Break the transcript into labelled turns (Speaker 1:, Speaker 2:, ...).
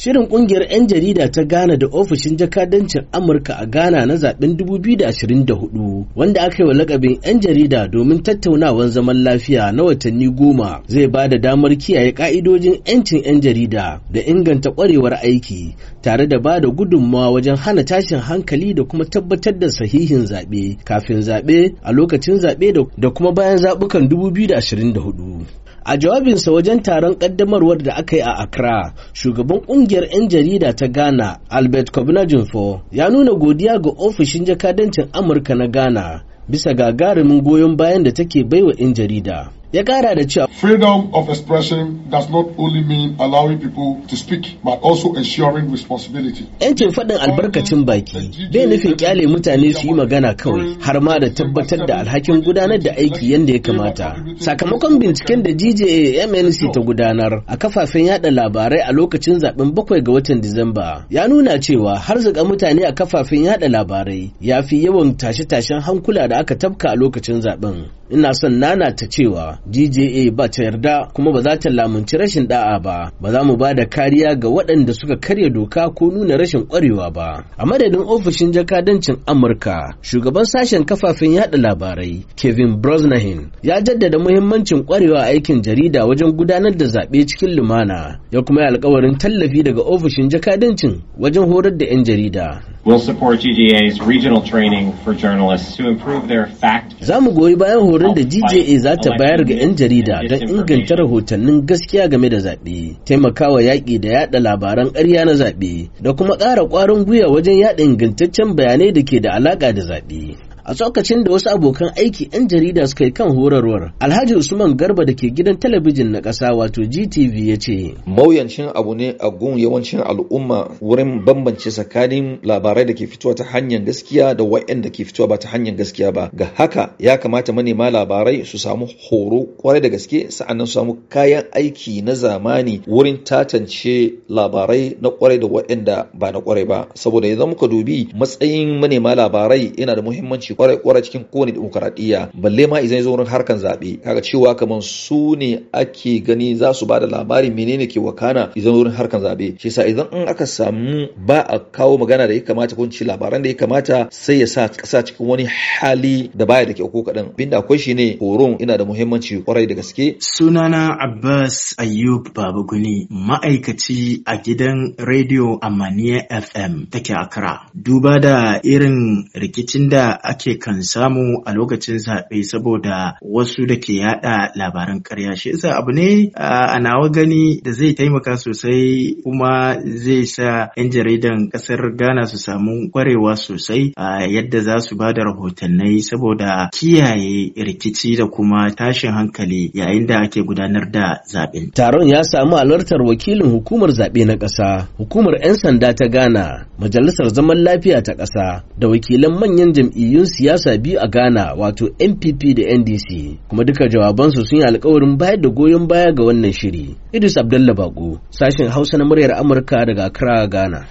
Speaker 1: Shirin ƙungiyar 'yan jarida ta Ghana da ofishin jakadancin Amurka a Ghana na zaben 2024 wanda aka yi wa lakabin 'yan jarida domin tattaunawar zaman lafiya na watanni goma zai ba da damar kiyaye ka'idojin 'yancin 'yan jarida da inganta ƙwarewar aiki tare da ba da gudunmawa wajen hana tashin hankali da kuma tabbatar da sahihin zaɓe kafin zaɓe a lokacin zaɓe da kuma bayan zaɓukan 2024. A jawabinsa wajen taron ƙaddamarwar da aka yi a Accra, shugaban ƙungiyar 'yan jarida ta Ghana, Albert Kobnajinfo, ya nuna godiya ga ofishin jakadancin Amurka na Ghana bisa gagarumin goyon bayan da take baiwa 'yan jarida. ya kara da cewa freedom of expression does not only mean allowing people to speak but also ensuring responsibility yancin faɗin albarkacin baki bai nufin kyale mutane su yi magana kawai har ma da tabbatar da alhakin gudanar da aiki yadda ya kamata sakamakon binciken da GJA MNC ta gudanar a kafafen yada labarai a lokacin zaben bakwai ga watan Disamba ya nuna cewa har zuga mutane a kafafen yada labarai ya fi yawan tashe-tashen hankula da aka tafka a lokacin zaben ina son nana ta cewa GJA ba ta yarda kuma ba za ta lamunci rashin da'a ba ba za mu ba da kariya ga waɗanda suka karya doka ko nuna rashin ƙwarewa ba a madadin ofishin jakadancin Amurka shugaban sashen kafafen yaɗa labarai Kevin Brosnahan ya jaddada muhimmancin ƙwarewa aikin jarida wajen gudanar da zaɓe cikin lumana ya kuma yi alkawarin tallafi daga ofishin jakadancin wajen horar da 'yan jarida
Speaker 2: will support GJA's regional training for journalists to improve their fact.
Speaker 1: Za mu goyi bayan horon da GJA za ta bayar ga 'yan jarida don inganta rahotannin gaskiya game da zaɓe, taimakawa yaƙi da yaɗa labaran ƙarya na zaɓe, da kuma ƙara ƙwarin gwiwa wajen yaɗa ingantaccen bayanai da ke da alaƙa da zaɓe. a tsokacin da wasu abokan aiki 'yan jarida suka yi kan horarwar alhaji usman garba
Speaker 2: da ke gidan talabijin na ƙasa wato gtv ya ce mawuyancin abu ne a gun yawancin al'umma wurin bambance tsakanin labarai da ke fitowa ta hanyar gaskiya da wa'yanda ke fitowa ba ta hanyar gaskiya ba ga haka ya kamata manema labarai su samu horo kwarai da gaske sa'annan su samu kayan aiki na zamani wurin tatance labarai na kwarai da wa'yanda ba na kwarai ba saboda idan muka dubi matsayin manema labarai yana da muhimmanci kwarai kwarai cikin kowane demokaradiyya balle ma idan zo wurin harkan zabe kaga cewa kaman su ne ake gani za su bada labari menene ke wakana idan wurin harkan zabe shi yasa idan in aka samu ba a kawo magana da ya kamata ko ci labaran da ya kamata sai ya sa kasa cikin wani hali da baya da ke ko kadan binda akwai shi ne horon ina da muhimmanci kwarai da gaske sunana Abbas Ayyub Babaguni ma'aikaci a gidan
Speaker 3: rediyo Amaniya FM take Accra duba da irin rikicin da ake ake kan samu a lokacin zaɓe saboda wasu da ke yada labaran karya shi yasa abu ne a nawa gani da zai taimaka sosai kuma zai sa 'yan jaridan ƙasar Ghana su samu kwarewa sosai a yadda za su ba da rahotannai saboda kiyaye rikici da kuma tashin hankali yayin da ake gudanar da zaɓen.
Speaker 1: Taron ya samu alartar wakilin hukumar zaɓe na ƙasa, hukumar 'yan sanda ta Ghana, majalisar zaman lafiya ta ƙasa da wakilan manyan jam'iyyun siyasa biyu a Ghana wato NPP da NDC kuma duka jawabansu sun yi alƙawarin bayar da goyon baya ga wannan shiri. Idris Abdullah Bako, sashen Hausa na muryar Amurka daga Accra, Ghana.